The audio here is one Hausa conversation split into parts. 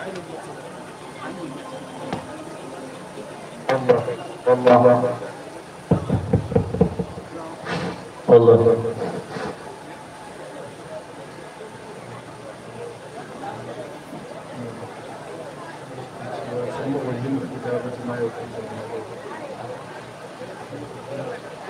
Allah Allah Allah Allah Thank you.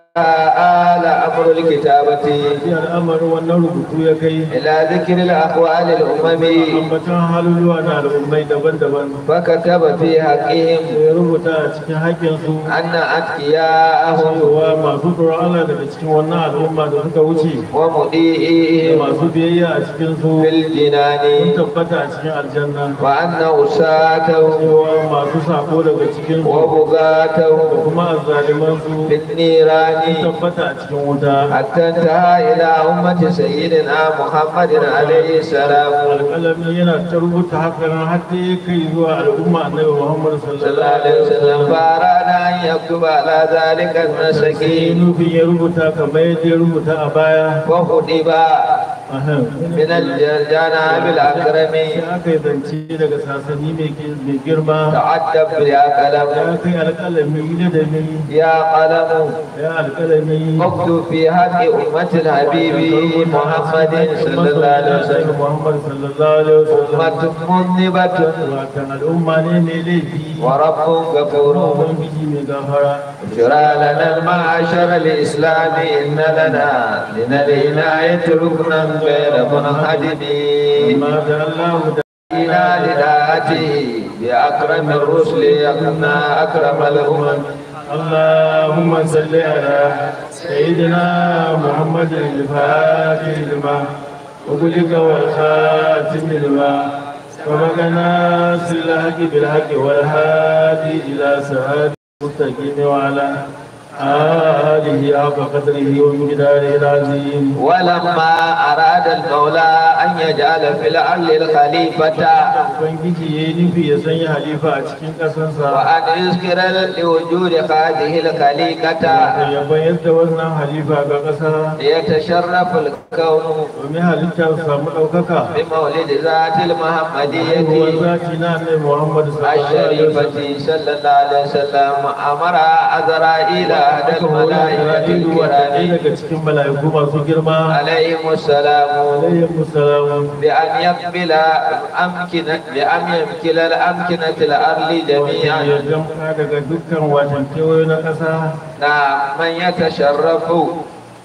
ala amru likitabati ya amru wa narubutu ya kai ila zikri al aqwal al umami ambatan halu wa na al ummai daban daban fa kataba fi haqqihim rubuta cikin haƙin su anna atqiya ahum wa ma zukra ala da cikin wannan al da suka wuce wa mudi ma su biyayya a cikin su bil jinani mun tabbata a cikin aljanna wa anna usata wa ma su sako daga cikin su wa bugata kuma azaliman su bitnirani attanta ila ummati sayyidina muhammadin alaihi salam alƙalam yana ta rubuta hakan har ta kai zuwa al'umma na yau muhammadu sallallahu alaihi wasallam fara na yi nufin ya rubuta kamar yadda ya rubuta a baya ko ba من الجانب الأكرم تعجب يا قلم يا قلم اكتب في حق أمة الحبيب محمد صلى الله عليه وسلم أمة مذنبة ورب غفور شرى لنا المعاشر الإسلامي إن لنا لنا العناية ركنا غير منهدم ما جعلناه دعينا بأكرم الرسل يقنا أكرم الأمم اللهم صل على سيدنا محمد الفاتح لما وقلك والخاتم لما ومكنا سلاحك بالحق والهادي إلى سعادة المتقين وعلى آله حق قدره ومقداره العظيم ولما أراد المولى أن يجعل في الأرض الخليفة وأن يذكر لوجود هذه الخليقة يتشرف الكون بمولد ذات المحمدية الشريفة صلى الله عليه وسلم أمر أزرائيل ba'dal malaikati wa rabbi daga cikin malaiku masu girma alayhi musallam alayhi musallam bi an yaqbila amkina na kasa na man